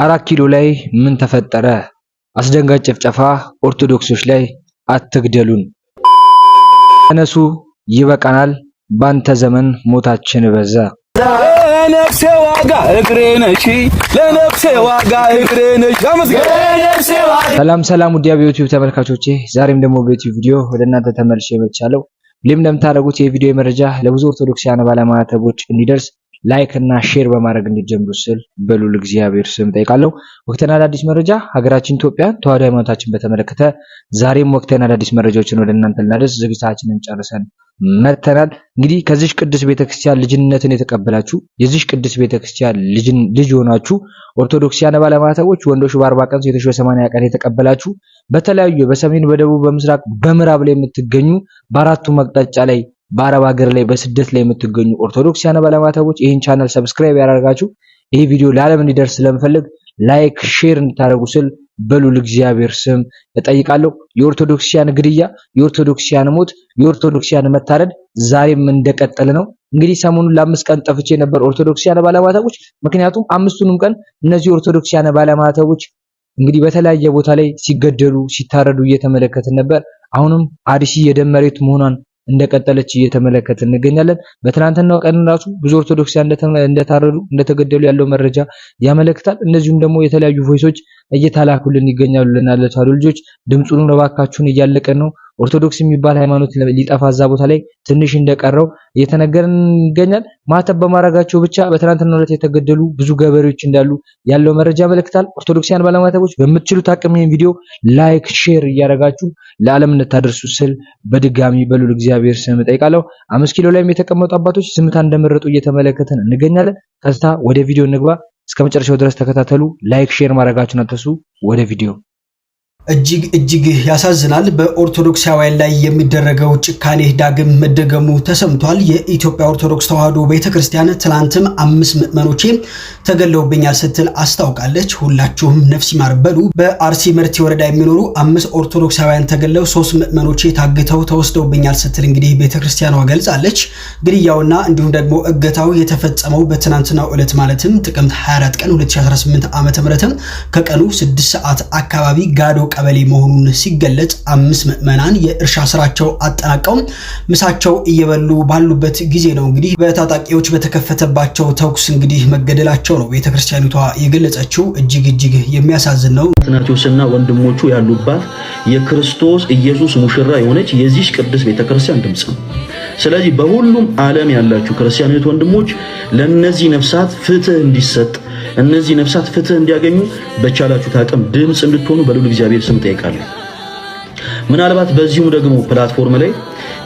አራት ኪሎ ላይ ምን ተፈጠረ? አስደንጋጭ ጭፍጨፋ ኦርቶዶክሶች ላይ አትግደሉን። ተነሱ፣ ይበቃናል። ባንተ ዘመን ሞታችን በዛ። ለነፍሴ ዋጋ እግሬ ነሽ፣ ለነፍሴ ዋጋ እግሬ ነሽ። ሰላም ሰላም፣ ውድ የዩቲዩብ ተመልካቾቼ፣ ዛሬም ደግሞ በዩቲዩብ ቪዲዮ ወደ እናንተ ተመልሼ መጥቻለሁ። ሁሌም እንደምታደርጉት የቪዲዮ መረጃ ለብዙ ኦርቶዶክሳውያን ባለማዕተቦች እንዲደርስ ላይክ እና ሼር በማድረግ እንዲጀምሩ ስል በሉል እግዚአብሔር ስም ጠይቃለሁ። ወቅታዊና አዳዲስ መረጃ ሀገራችን ኢትዮጵያ ተዋህዶ ሃይማኖታችን በተመለከተ ዛሬም ወቅታዊና አዳዲስ መረጃዎችን ወደ እናንተ ልናደርስ ዝግጅታችንን ጨርሰን መጥተናል። እንግዲህ ከዚሽ ቅዱስ ቤተክርስቲያን ልጅነትን የተቀበላችሁ የዚሽ ቅዱስ ቤተክርስቲያን ልጅ ሆናችሁ ኦርቶዶክሲያን ባለማተቦች ወንዶች በአርባ ቀን ሴቶች በሰማንያ ቀን የተቀበላችሁ በተለያዩ በሰሜን፣ በደቡብ፣ በምስራቅ፣ በምዕራብ ላይ የምትገኙ በአራቱ መቅጣጫ ላይ በአረብ ሀገር ላይ በስደት ላይ የምትገኙ ኦርቶዶክሳውያን ባለማተቦች ይህን ቻናል ሰብስክራይብ ያደርጋችሁ ይህ ቪዲዮ ለዓለም እንዲደርስ ስለምፈልግ ላይክ፣ ሼር እንድታደርጉ ስል በሉል እግዚአብሔር ስም እጠይቃለሁ። የኦርቶዶክሲያን ግድያ፣ የኦርቶዶክሲያን ሞት፣ የኦርቶዶክሲያን መታረድ ዛሬም እንደቀጠለ ነው። እንግዲህ ሰሞኑን ለአምስት ቀን ጠፍቼ ነበር ኦርቶዶክሲያን ባለማተቦች። ምክንያቱም አምስቱንም ቀን እነዚህ ኦርቶዶክሲያን ባለማተቦች እንግዲህ በተለያየ ቦታ ላይ ሲገደሉ ሲታረዱ እየተመለከትን ነበር። አሁንም አርሲ የደም መሬት መሆኗን እንደቀጠለች እየተመለከት እንገኛለን። በትናንትናው ቀን ራሱ ብዙ ኦርቶዶክሳውያን እንደታረዱ እንደተገደሉ ያለው መረጃ ያመለክታል። እንደዚሁም ደግሞ የተለያዩ ቮይሶች እየታላኩልን ይገኛሉ። ለናለ ልጆች ድምጹን እባካችሁን እያለቀ ነው ኦርቶዶክስ የሚባል ሃይማኖት ሊጠፋ እዛ ቦታ ላይ ትንሽ እንደቀረው እየተነገረን ይገኛል። ማተብ በማድረጋቸው ብቻ በትናንትና ዕለት የተገደሉ ብዙ ገበሬዎች እንዳሉ ያለው መረጃ ያመለክታል። ኦርቶዶክሲያን ባለማተቦች በምትችሉት አቅም ይህን ቪዲዮ ላይክ፣ ሼር እያደረጋችሁ ለዓለም እንድታደርሱ ስል በድጋሚ በሉል እግዚአብሔር ስም እጠይቃለሁ። አምስት ኪሎ ላይም የተቀመጡ አባቶች ዝምታ እንደመረጡ እየተመለከተን እንገኛለን። ከስታ ወደ ቪዲዮ እንግባ። እስከ መጨረሻው ድረስ ተከታተሉ። ላይክ ሼር ማድረጋችሁን አትርሱ። ወደ ቪዲዮ እጅግ እጅግ ያሳዝናል። በኦርቶዶክሳውያን ላይ የሚደረገው ጭካኔ ዳግም መደገሙ ተሰምቷል። የኢትዮጵያ ኦርቶዶክስ ተዋሕዶ ቤተክርስቲያን ትናንትም አምስት ምዕመኖቼ ተገለውብኛል ስትል አስታውቃለች። ሁላችሁም ነፍስ ይማር በሉ። በአርሲ መርቲ ወረዳ የሚኖሩ አምስት ኦርቶዶክሳውያን ተገለው ሶስት ምዕመኖቼ ታግተው ተወስደውብኛል ስትል እንግዲህ ቤተክርስቲያኗ ገልጻለች። ግድያውና እንዲሁም ደግሞ እገታው የተፈጸመው በትናንትናው ዕለት ማለትም ጥቅምት 24 ቀን 2018 ም ከቀኑ 6 ሰዓት አካባቢ ጋዶ ቀበሌ መሆኑን ሲገለጽ አምስት ምዕመናን የእርሻ ስራቸው አጠናቀው ምሳቸው እየበሉ ባሉበት ጊዜ ነው እንግዲህ በታጣቂዎች በተከፈተባቸው ተኩስ እንግዲህ መገደላቸው ነው ቤተክርስቲያኒቷ የገለጸችው። እጅግ እጅግ የሚያሳዝን ነው። አትናቴዎስና ወንድሞቹ ያሉባት የክርስቶስ ኢየሱስ ሙሽራ የሆነች የዚች ቅድስት ቤተክርስቲያን ድምፅ ነው። ስለዚህ በሁሉም ዓለም ያላችሁ ክርስቲያኖች ወንድሞች ለነዚህ ነፍሳት ፍትህ እንዲሰጥ እነዚህ ነፍሳት ፍትህ እንዲያገኙ በቻላችሁት አቅም ድምፅ እንድትሆኑ በልዑል እግዚአብሔር ስም ጠይቃለሁ። ምናልባት በዚሁም ደግሞ ፕላትፎርም ላይ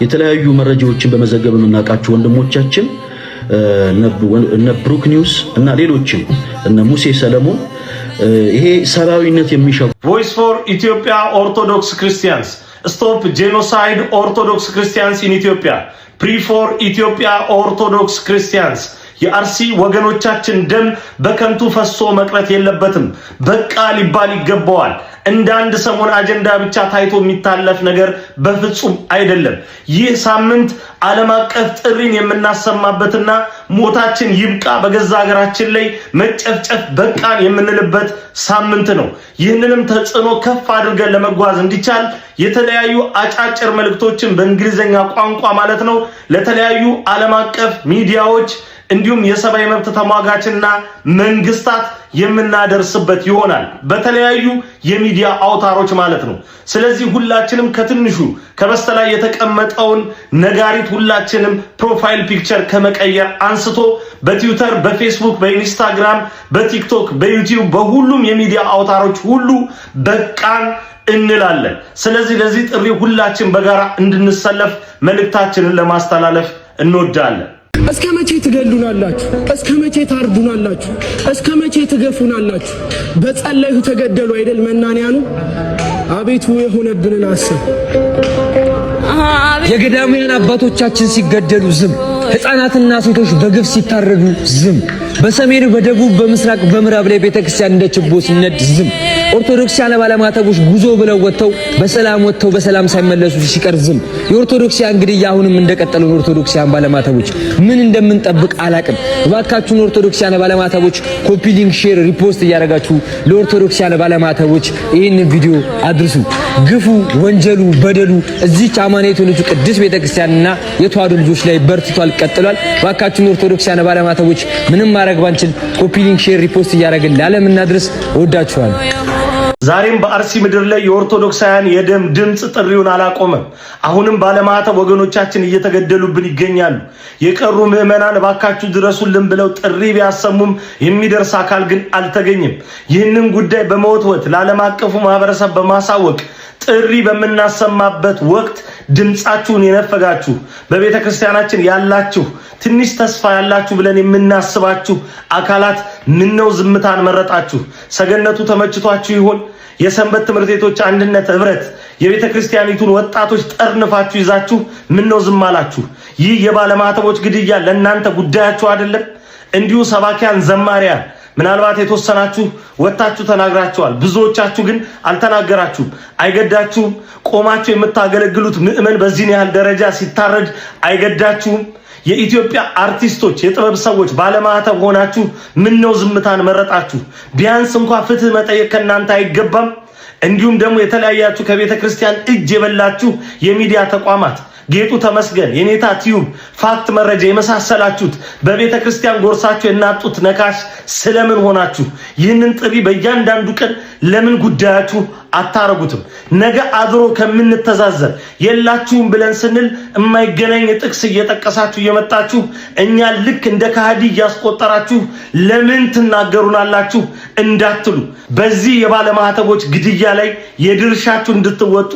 የተለያዩ መረጃዎችን በመዘገብ የምናውቃቸው ወንድሞቻችን እነ ብሩክ ኒውስ እና ሌሎችም እነ ሙሴ ሰለሞን ይሄ ሰብአዊነት የሚሻ ቮይስ ፎር ኢትዮጵያ ኦርቶዶክስ ክርስቲያንስ ስቶፕ ጄኖሳይድ ኦርቶዶክስ ክርስቲያንስ ኢን ኢትዮጵያ ፕሪ ፎር ኢትዮጵያ ኦርቶዶክስ ክርስቲያንስ የአርሲ ወገኖቻችን ደም በከንቱ ፈሶ መቅረት የለበትም። በቃ ሊባል ይገባዋል። እንደ አንድ ሰሞን አጀንዳ ብቻ ታይቶ የሚታለፍ ነገር በፍጹም አይደለም። ይህ ሳምንት ዓለም አቀፍ ጥሪን የምናሰማበትና ሞታችን ይብቃ በገዛ ሀገራችን ላይ መጨፍጨፍ በቃን የምንልበት ሳምንት ነው። ይህንንም ተጽዕኖ ከፍ አድርገን ለመጓዝ እንዲቻል የተለያዩ አጫጭር መልእክቶችን በእንግሊዝኛ ቋንቋ ማለት ነው ለተለያዩ ዓለም አቀፍ ሚዲያዎች እንዲሁም የሰብአዊ መብት ተሟጋችና መንግስታት የምናደርስበት ይሆናል በተለያዩ የሚዲያ አውታሮች ማለት ነው። ስለዚህ ሁላችንም ከትንሹ ከበስተላይ የተቀመጠውን ነጋሪት ሁላችንም ፕሮፋይል ፒክቸር ከመቀየር አንስቶ በትዊተር፣ በፌስቡክ፣ በኢንስታግራም፣ በቲክቶክ፣ በዩቲዩብ በሁሉም የሚዲያ አውታሮች ሁሉ በቃን እንላለን። ስለዚህ ለዚህ ጥሪ ሁላችን በጋራ እንድንሰለፍ መልእክታችንን ለማስተላለፍ እንወዳለን። እስከ መቼ ትገሉናላችሁ? እስከ መቼ ታርዱናላችሁ? እስከ መቼ ትገፉናላችሁ? በጸለዩ ተገደሉ አይደል መናንያኑ። አቤቱ የሆነብንን አስብ። የገዳማውያን አባቶቻችን ሲገደሉ ዝም፣ ሕፃናትና ሴቶች በግፍ ሲታረዱ ዝም፣ በሰሜኑ፣ በደቡብ፣ በምስራቅ፣ በምዕራብ ላይ ቤተክርስቲያን እንደ ችቦ ሲነድ ዝም ኦርቶዶክሲያን ባለማተቦች ጉዞ ብለው ወጥተው በሰላም ወጥተው በሰላም ሳይመለሱ ሲቀር ዝም። የኦርቶዶክሲያን ግድያ አሁንም እንደቀጠለን። ኦርቶዶክሲያን ባለማተቦች ምን እንደምንጠብቅ አላቅም። እባካችሁን ኦርቶዶክሲያን ባለማተቦች ኮፒ፣ ሊንክ፣ ሼር፣ ሪፖስት እያደረጋችሁ ለኦርቶዶክሲያን ባለማተቦች ይህን ቪዲዮ አድርሱ። ግፉ፣ ወንጀሉ፣ በደሉ እዚች አማኔቱ ልጁ ቅድስት ቤተክርስቲያንና የተዋሕዶ ልጆች ላይ በርትቷል፣ ቀጥሏል። እባካችሁን ኦርቶዶክሲያን ባለማተቦች ምንም ማድረግ ባንችል ኮፒ፣ ሊንክ፣ ሼር፣ ሪፖስት እያደረግን ለዓለም እናድርስ። ወዳችኋለሁ። ዛሬም በአርሲ ምድር ላይ የኦርቶዶክሳውያን የደም ድምፅ ጥሪውን አላቆመም። አሁንም ባለማተብ ወገኖቻችን እየተገደሉብን ይገኛሉ። የቀሩ ምዕመናን እባካችሁ ድረሱልን ብለው ጥሪ ቢያሰሙም የሚደርስ አካል ግን አልተገኘም። ይህንን ጉዳይ በመወትወት ለዓለም አቀፉ ማህበረሰብ በማሳወቅ ጥሪ በምናሰማበት ወቅት ድምፃችሁን የነፈጋችሁ በቤተ ክርስቲያናችን ያላችሁ ትንሽ ተስፋ ያላችሁ ብለን የምናስባችሁ አካላት ምን ነው ዝምታን መረጣችሁ? ሰገነቱ ተመችቷችሁ ይሆን? የሰንበት ትምህርት ቤቶች አንድነት ህብረት የቤተ ክርስቲያኒቱን ወጣቶች ጠርንፋችሁ ይዛችሁ ምን ነው ዝም አላችሁ? ይህ የባለማተቦች ግድያ ለእናንተ ጉዳያችሁ አይደለም? እንዲሁ ሰባኪያን፣ ዘማሪያን ምናልባት የተወሰናችሁ ወጥታችሁ ተናግራችኋል። ብዙዎቻችሁ ግን አልተናገራችሁም። አይገዳችሁም? ቆማችሁ የምታገለግሉት ምዕመን በዚህን ያህል ደረጃ ሲታረድ አይገዳችሁም? የኢትዮጵያ አርቲስቶች፣ የጥበብ ሰዎች ባለማህተብ ሆናችሁ ምን ነው ዝምታን መረጣችሁ? ቢያንስ እንኳ ፍትህ መጠየቅ ከእናንተ አይገባም? እንዲሁም ደግሞ የተለያያችሁ ከቤተ ክርስቲያን እጅ የበላችሁ የሚዲያ ተቋማት ጌቱ ተመስገን፣ የኔታ ቲዩብ፣ ፋክት መረጃ የመሳሰላችሁት በቤተ ክርስቲያን ጎርሳችሁ የናጡት ነካሽ ስለምን ሆናችሁ? ይህንን ጥሪ በእያንዳንዱ ቀን ለምን ጉዳያችሁ አታረጉትም? ነገ አድሮ ከምንተዛዘብ የላችሁም ብለን ስንል የማይገናኝ ጥቅስ እየጠቀሳችሁ እየመጣችሁ እኛ ልክ እንደ ካህዲ እያስቆጠራችሁ ለምን ትናገሩናላችሁ እንዳትሉ በዚህ የባለማህተቦች ግድያ ላይ የድርሻችሁ እንድትወጡ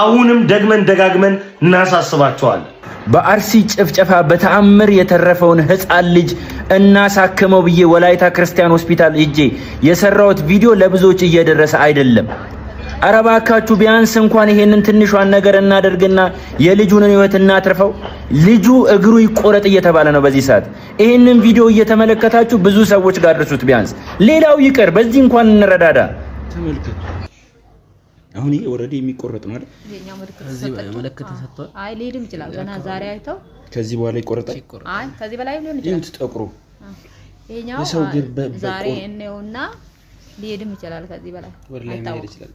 አሁንም ደግመን ደጋግመን እናሳስባቸዋለን። በአርሲ ጭፍጨፋ በተአምር የተረፈውን ህፃን ልጅ እናሳክመው ብዬ ወላይታ ክርስቲያን ሆስፒታል እጄ የሰራሁት ቪዲዮ ለብዙዎች እየደረሰ አይደለም። አረባካችሁ ቢያንስ እንኳን ይሄንን ትንሿን ነገር እናደርግና የልጁን ህይወት እናትርፈው። ልጁ እግሩ ይቆረጥ እየተባለ ነው በዚህ ሰዓት። ይሄንን ቪዲዮ እየተመለከታችሁ ብዙ ሰዎች ጋር ድርሱት። ቢያንስ ሌላው ይቅር፣ በዚህ እንኳን እንረዳዳ። አሁን ይሄ ኦልሬዲ የሚቆረጥ ነው አይደል? ምልክት ተሰጥቷል። አይ ሊሄድም ይችላል። ገና ዛሬ አይተው ከዚህ በኋላ ይቆረጣል። አይ ከዚህ በላይ ሊሆን ይችላል። ጠቁሩ ይሄኛው ዛሬ እነውና ሊሄድም ይችላል። ከዚህ በላይ ወር ላይ መሄድ ይችላል።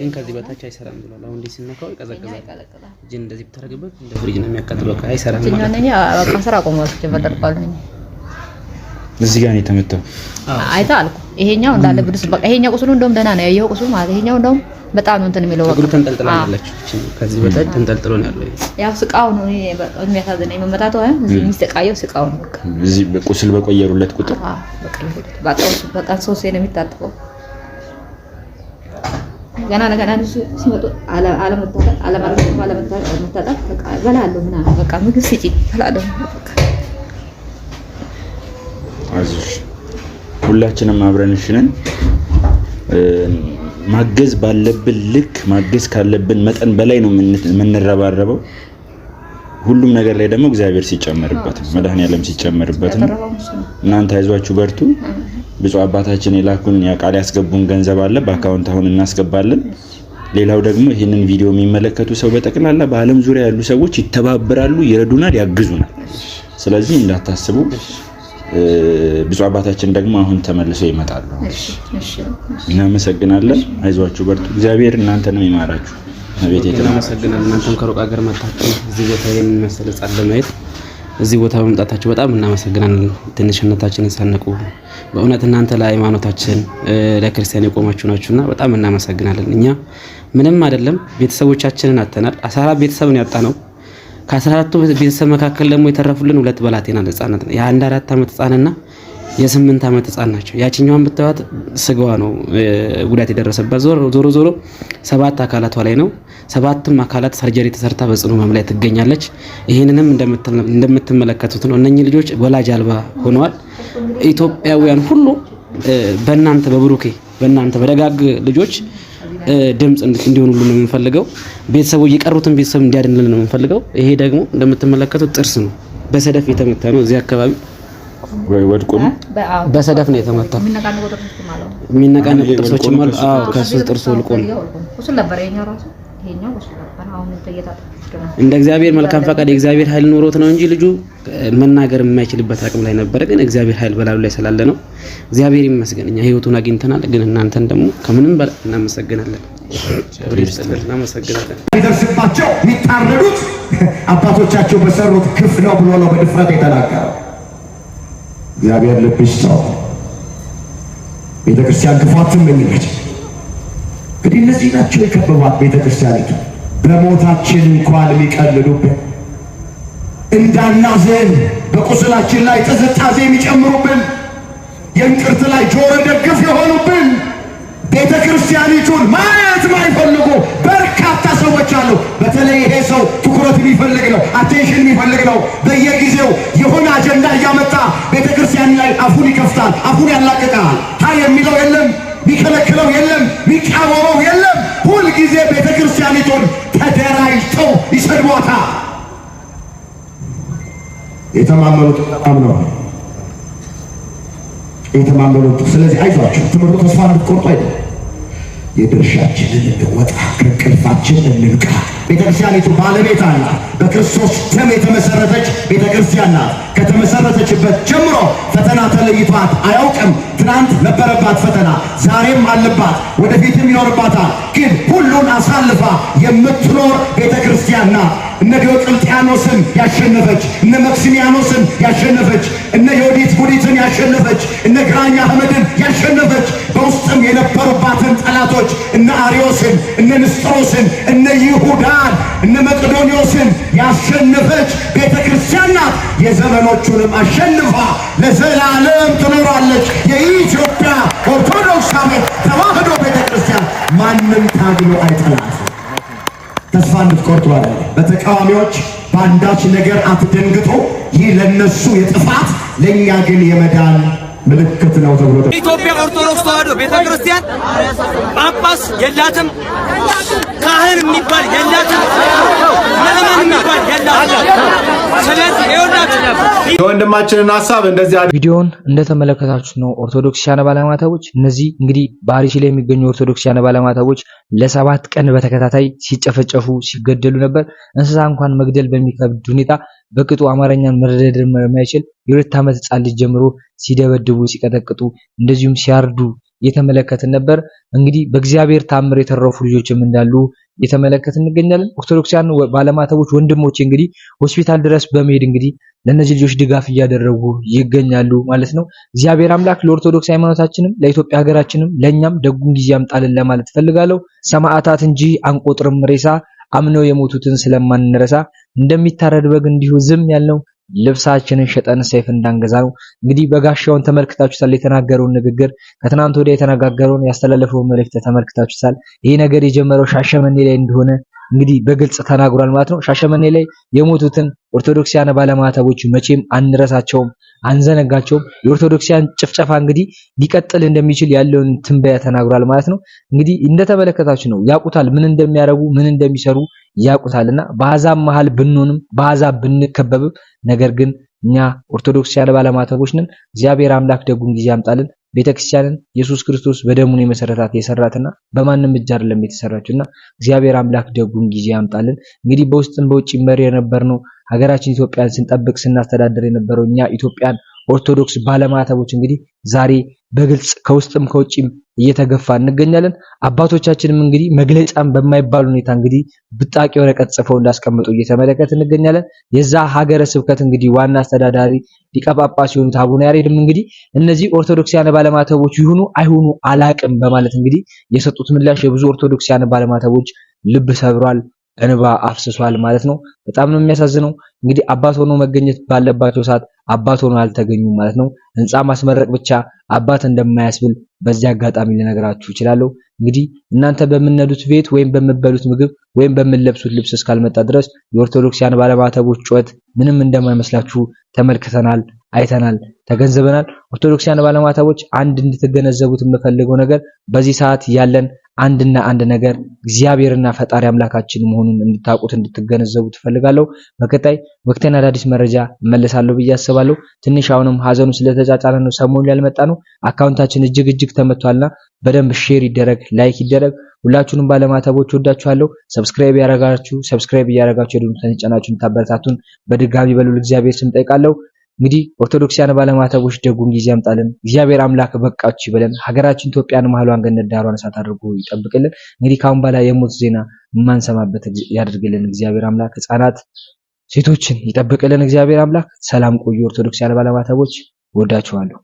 ግን ከዚህ በታች አይሰራም ብሏል። አሁን እንዲህ ስነካው ይቀዘቅዛል። እጅ እንደዚህ ብታደርግበት እንደ ፍሪጅ ነው የሚያቃጥል። በቃ አይሰራም ማለት ነው። በቃ ስራ ቆሟል። እዚህ ጋር ነው የተመታው። አይተህ አልኩህ ይሄኛው እንዳለ ብዱስ በቃ ይሄኛው ቁስሉ እንደውም ደህና ነው ያየው ቁስሉ ማለት ይሄኛው እንደውም በጣም ነው እንትን የሚለው እግሩ ተንጠልጥላ አለች። ከዚህ በታች ተንጠልጥሎ ነው ያለው። ያው ስቃው ነው የሚያሳዝነኝ መመታቱ አይደል? እዚህ የሚሰቃየው ስቃው ነው። በቃ እዚህ ቁስል በቆየሩለት ቁጥር በቃ ነው የሚታጠበው። ገና ለገና ሲመጡ አለመታጠብ አለመታጠብ በቃ እበላለሁ ምናምን በቃ ምግብ ስጪ እበላለሁ በቃ ሁላችንም አብረን እሽነን ማገዝ ባለብን ልክ ማገዝ ካለብን መጠን በላይ ነው የምንረባረበው። ሁሉም ነገር ላይ ደግሞ እግዚአብሔር ሲጨመርበት ነው፣ መድኃኔዓለም ሲጨመርበት ነው። እናንተ አይዟችሁ በርቱ። ብፁዕ አባታችን የላኩን ቃል ያስገቡን ገንዘብ አለ፣ በአካውንት አሁን እናስገባለን። ሌላው ደግሞ ይህንን ቪዲዮ የሚመለከቱ ሰው በጠቅላላ በዓለም ዙሪያ ያሉ ሰዎች ይተባበራሉ፣ ይረዱናል፣ ያግዙናል። ስለዚህ እንዳታስቡ። ብፁዕ አባታችን ደግሞ አሁን ተመልሰው ይመጣሉ። እናመሰግናለን። አይዟችሁ፣ በርቱ። እግዚአብሔር እናንተንም ይማራችሁ። ቤት እናመሰግናለን። እናንተም ከሩቅ ሀገር መጣችሁ እዚህ ቦታ የሚመስል መሰል ህጻን ለማየት እዚህ ቦታ በመምጣታችሁ በጣም እናመሰግናለን። ትንሽነታችንን ሳንቁ በእውነት እናንተ ለሃይማኖታችን ለክርስቲያን የቆማችሁ ናችሁና በጣም እናመሰግናለን። እኛ ምንም አይደለም ቤተሰቦቻችንን አተናል አሳራ ቤተሰብን ያጣ ነው ከ 14 ቤተሰብ መካከል ደግሞ የተረፉልን ሁለት በላቴና ህጻናት ነው። የአንድ አራት ዓመት ህጻንና የስምንት ዓመት ህጻን ናቸው። ያችኛዋን ብታዩት ስጋዋ ነው ጉዳት የደረሰበት። ዞሮ ዞሮ ሰባት አካላቷ ላይ ነው። ሰባቱም አካላት ሰርጀሪ ተሰርታ በጽኑ ህመም ላይ ትገኛለች። ይህንንም እንደምትመለከቱት ነው። እነኚህ ልጆች ወላጅ አልባ ሆነዋል። ኢትዮጵያውያን ሁሉ በእናንተ በብሩኬ በእናንተ በደጋግ ልጆች ድምፅ እንዲሆኑልን ነው የምንፈልገው። ቤተሰቡ የቀሩትን ቤተሰብ እንዲያድንልን ነው የምንፈልገው። ይሄ ደግሞ እንደምትመለከቱት ጥርስ ነው፣ በሰደፍ የተመታ ነው። እዚህ አካባቢ ወድቆ በሰደፍ ነው የተመታው። የሚነቃነቁ ጥርሶች አሉ። ከሱ ጥርስ ወልቆ ነው እንደ እግዚአብሔር መልካም ፈቃድ የእግዚአብሔር ኃይል ኑሮት ነው እንጂ ልጁ መናገር የማይችልበት አቅም ላይ ነበረ። ግን እግዚአብሔር ኃይል በላሉ ላይ ስላለ ነው። እግዚአብሔር ይመስገን እኛ ህይወቱን አግኝተናል። ግን እናንተን ደግሞ ከምንም በላይ እናመሰግናለን፣ እናመሰግናለን። የሚደርስባቸው የሚታረዱት አባቶቻቸው በሰሩት ክፍ ነው ብሎ ነው በድፍረት የተናገረው። እግዚአብሔር ልብሽ ሰው ቤተክርስቲያን ክፋትም የሚመች እንግዲህ እነዚህ ናቸው የከበቧት ቤተክርስቲያኒቱ። በሞታችን እንኳን የሚቀልዱብን እንዳናዘን በቁስላችን ላይ ጥዝጣዜ የሚጨምሩብን የእንቅርት ላይ ጆሮ ደግፍ የሆኑብን ቤተ ክርስቲያኒቱን ማየት ማይፈልጉ በርካታ ሰዎች አሉ። በተለይ ይሄ ሰው ትኩረት የሚፈልግ ነው፣ አቴንሽን የሚፈልግ ነው። በየጊዜው የሆነ አጀንዳ እያመጣ ቤተ ክርስቲያን ላይ አፉን ይከፍታል፣ አፉን ያላቅቃል። ሀይ የሚለው የለም። ሚከለክለው የለም፣ ሚቃወመው የለም። ሁልጊዜ ቤተ ክርስቲያኒቱን ተደራጅተው ይሰድቧታል። የተማመኑት አምነዋል፣ የተማመኑት ስለዚህ አይዟችሁ፣ ትምህርቱ ተስፋ እንድትቆርጡ አይደለም የድርሻችንን እንወጣ፣ ከእንቅልፋችን እንንቃ። ቤተክርስቲያኒቱ ባለቤት አላት። በክርስቶስ ደም የተመሰረተች ቤተክርስቲያን ናት። ከተመሰረተችበት ጀምሮ ፈተና ተለይቷት አያውቅም። ትናንት ነበረባት ፈተና፣ ዛሬም አለባት፣ ወደፊትም ይኖርባታል። ግን ሁሉን አሳልፋ የምትኖር ቤተክርስቲያን ናት። እነ ዲዮቅልጥያኖስን ያሸነፈች፣ እነ መክሲሚያኖስን ያሸነፈች፣ እነ ዮዲት ጉዲትን ያሸነፈች፣ እነ ግራኛ አህመድን ያሸነፈች የነበሩባትን ጠላቶች እነ አሪዮስን፣ እነ ንስጥሮስን፣ እነ ይሁዳን፣ እነ መቅዶኒዎስን ያሸነፈች ቤተ ክርስቲያን ናት። የዘመኖቹንም አሸንፋ ለዘላለም ትኖራለች። የኢትዮጵያ ኦርቶዶክስ አመት ተዋህዶ ቤተ ክርስቲያን ማንም ታግሎ አይጠላት። ተስፋ እንድትቆርጡ በተቃዋሚዎች በአንዳች ነገር አትደንግጦ። ይህ ለነሱ የጥፋት ለእኛ ግን የመዳን ምልክት ነው ተብሎ ኢትዮጵያ ኦርቶዶክስ ተዋህዶ ቤተክርስቲያን ጳጳስ የላትም፣ ካህን የሚባል የላትም፣ ምዕመን የሚባል የላትም። የወንድማችንን ሀሳብ እንደዚህ ቪዲዮን እንደተመለከታችሁ ነው ኦርቶዶክሲያን ባለማተቦች። እነዚህ እንግዲህ በአርሲ ላይ የሚገኙ ኦርቶዶክሲያን ባለማተቦች ለሰባት ቀን በተከታታይ ሲጨፈጨፉ ሲገደሉ ነበር። እንስሳ እንኳን መግደል በሚከብድ ሁኔታ በቅጡ አማርኛን መረዳት የማይችል የሁለት ዓመት ሕፃን ልጅ ጀምሮ ሲደበድቡ፣ ሲቀጠቅጡ እንደዚሁም ሲያርዱ እየተመለከትን ነበር። እንግዲህ በእግዚአብሔር ታምር የተረፉ ልጆችም እንዳሉ እየተመለከት እንገኛለን። ኦርቶዶክሳውያን ባለማተቦች ወንድሞች እንግዲህ ሆስፒታል ድረስ በመሄድ እንግዲህ ለነዚህ ልጆች ድጋፍ እያደረጉ ይገኛሉ ማለት ነው። እግዚአብሔር አምላክ ለኦርቶዶክስ ሃይማኖታችንም ለኢትዮጵያ ሀገራችንም ለእኛም ደጉን ጊዜ ያምጣልን ለማለት ፈልጋለሁ። ሰማዕታት እንጂ አንቆጥርም ሬሳ አምነው የሞቱትን ስለማንረሳ እንደሚታረድ በግ እንዲሁ ዝም ያልነው ልብሳችንን ሸጠን ሰይፍ እንዳንገዛ ነው። እንግዲህ በጋሻውን ተመልክታችሁታል። የተናገረውን ንግግር ከትናንት ወዲያ የተነጋገረውን ያስተላለፈውን መልእክት ተመልክታችሁታል። ይሄ ነገር የጀመረው ሻሸመኔ ላይ እንደሆነ እንግዲህ በግልጽ ተናግሯል ማለት ነው። ሻሸመኔ ላይ የሞቱትን ኦርቶዶክሳውያን ባለማተቦች መቼም አንረሳቸውም። አንዘነጋቸውም። የኦርቶዶክሲያን ጭፍጨፋ እንግዲህ ሊቀጥል እንደሚችል ያለውን ትንበያ ተናግሯል ማለት ነው። እንግዲህ እንደተመለከታችሁ ነው ያቁታል፣ ምን እንደሚያደርጉ ምን እንደሚሰሩ ያቁታልና በአሕዛብ መሃል ብንሆንም በአሕዛብ ብንከበብም ነገር ግን እኛ ኦርቶዶክሲያን ባለማተቦች ነን። እግዚአብሔር አምላክ ደጉን ጊዜ ያምጣልን። ቤተክርስቲያንን ኢየሱስ ክርስቶስ በደሙን የመሰረታት የሰራትና በማንም እጅ አይደለም የተሰራችው እግዚአብሔር አምላክ ደጉን ጊዜ ያምጣልን። እንግዲህ በውስጥም በውጭ መሪ ነው ሀገራችን ኢትዮጵያን ስንጠብቅ ስናስተዳደር የነበረው እኛ ኢትዮጵያን ኦርቶዶክስ ባለማተቦች እንግዲህ ዛሬ በግልጽ ከውስጥም ከውጭም እየተገፋ እንገኛለን። አባቶቻችንም እንግዲህ መግለጫም በማይባል ሁኔታ እንግዲህ ብጣቂ ወረቀት ጽፈው እንዳስቀምጡ እየተመለከት እንገኛለን። የዛ ሀገረ ስብከት እንግዲህ ዋና አስተዳዳሪ ሊቀጳጳ ሲሆኑ የሆኑት አቡነ ያሬድም እንግዲህ እነዚህ ኦርቶዶክሲያን ባለማተቦች ይሁኑ አይሁኑ አላቅም በማለት እንግዲህ የሰጡት ምላሽ የብዙ ኦርቶዶክሲያን ባለማተቦች ልብ ሰብሯል። እንባ አፍስሷል ማለት ነው። በጣም ነው የሚያሳዝነው። እንግዲህ አባት ሆኖ መገኘት ባለባቸው ሰዓት አባት ሆኖ አልተገኙም ማለት ነው። ህንፃ ማስመረቅ ብቻ አባት እንደማያስብል በዚህ አጋጣሚ ልነግራችሁ እችላለሁ። እንግዲህ እናንተ በምነዱት ቤት ወይም በምበሉት ምግብ ወይም በምለብሱት ልብስ እስካልመጣ ድረስ የኦርቶዶክሲያን ባለማተቦች ጩኸት ምንም እንደማይመስላችሁ ተመልክተናል፣ አይተናል፣ ተገንዝበናል። ኦርቶዶክሲያን ባለማተቦች አንድ እንድትገነዘቡት የምፈልገው ነገር በዚህ ሰዓት ያለን አንድና አንድ ነገር እግዚአብሔርና ፈጣሪ አምላካችን መሆኑን እንድታውቁት እንድትገነዘቡ ትፈልጋለሁ። በቀጣይ ወቅቴን አዳዲስ መረጃ እመለሳለሁ ብዬ አስባለሁ። ትንሽ አሁንም ሀዘኑ ስለተጫጫነ ነው፣ ሰሞኑ ያልመጣ ነው። አካውንታችን እጅግ እጅግ ተመቷልና በደንብ ሼር ይደረግ፣ ላይክ ይደረግ። ሁላችሁንም ባለማተቦች ወዳችኋለሁ። ሰብስክራይብ ያረጋችሁ ሰብስክራይብ እያረጋችሁ የደሉት ተጫናችሁን ታበረታቱን በድጋሚ በሉል እግዚአብሔር ስም ጠይቃለሁ። እንግዲህ ኦርቶዶክሲያን ባለማተቦች ደጉን ጊዜ ያምጣልን። እግዚአብሔር አምላክ በቃችሁ ይበለን። ሀገራችን ኢትዮጵያን መሀሏን ገነት ዳሯን እሳት አድርጎ ይጠብቅልን። እንግዲህ ካሁን በኋላ የሞት ዜና የማንሰማበት ያደርግልን እግዚአብሔር አምላክ። ህጻናት ሴቶችን ይጠብቅልን እግዚአብሔር አምላክ። ሰላም ቆዩ። ኦርቶዶክሲያን ባለማተቦች ወዳችኋለሁ።